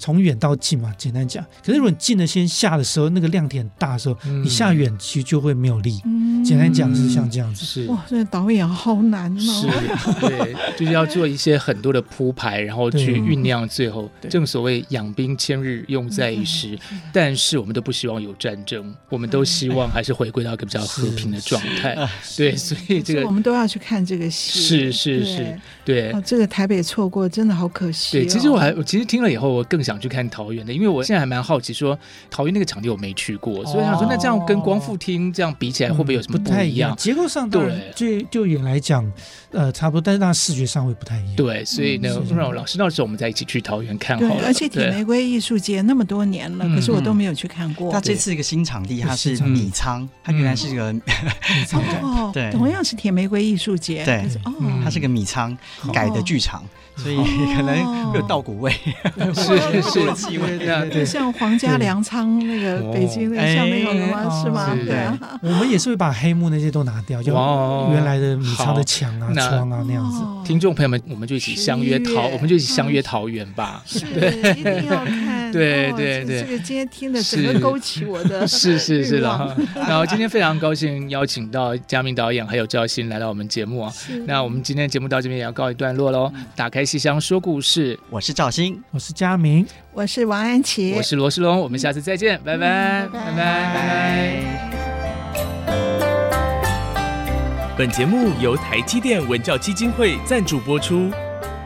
從遠到近嘛，簡單講。可是如果你近的先下的時候，那個亮點大的時候，你下遠其實就會沒有力。簡單講是像這樣子。哇，那導演好難哦。是，對，就是要做一些很多的鋪排，然後去醞釀。最後，正所謂養兵千日，用在一時。但是我們都不希望有戰爭，我們都希望還是回歸到一個比較和平的狀態。對，所以這個我們都要去看這個戲。是是是，對。哦，這個台北錯過真的好可惜。對，其實我還，我其實聽了以後，我更想。想去看桃園的，因為我現在還蠻好奇，說桃園那個場地我沒去過，所以想說那這樣跟光復廳這樣比起來，會不會有什麼不太一樣？結構上對，就就原來講，呃，差不多，但是那視覺上會不太一樣。對，所以呢，老師到時候我們再一起去桃園看好了。而且鐵玫瑰藝術節那麼多年了，可是我都沒有去看過。它這次一個新場地，它是米倉，它原來是個哦，對，同樣是鐵玫瑰藝術節，對，哦，它是個米倉改的劇場，所以可能會有稻穀味。是啊，對，像皇家糧倉那個北京那像那種的嗎？是嗎？對，我們也是會把黑幕那些都拿掉，就哦。原來的米倉的牆啊、窗啊那樣子。聽眾朋友們，我們就一起相約桃，我們就一起相約桃園吧。對，一定要看。對對對，今天聽的整個勾起我的是是是了。然後今天非常高興邀請到嘉明導演還有兆欣來到我們節目。那我們今天節目到這邊也要告一段落嘍。打開戲箱說故事，我是兆欣，我是嘉明。我是王安祈，我是羅世龍，嗯、我們下次再見，嗯、拜拜，拜拜，拜拜。本節目由台積電文教基金會贊助播出。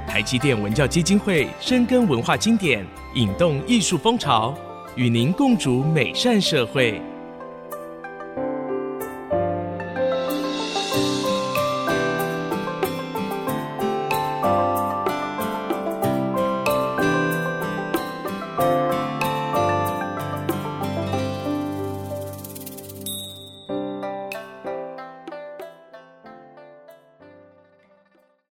台積電文教基金會深耕文化經典，引動藝術風潮，與您共築美善社會。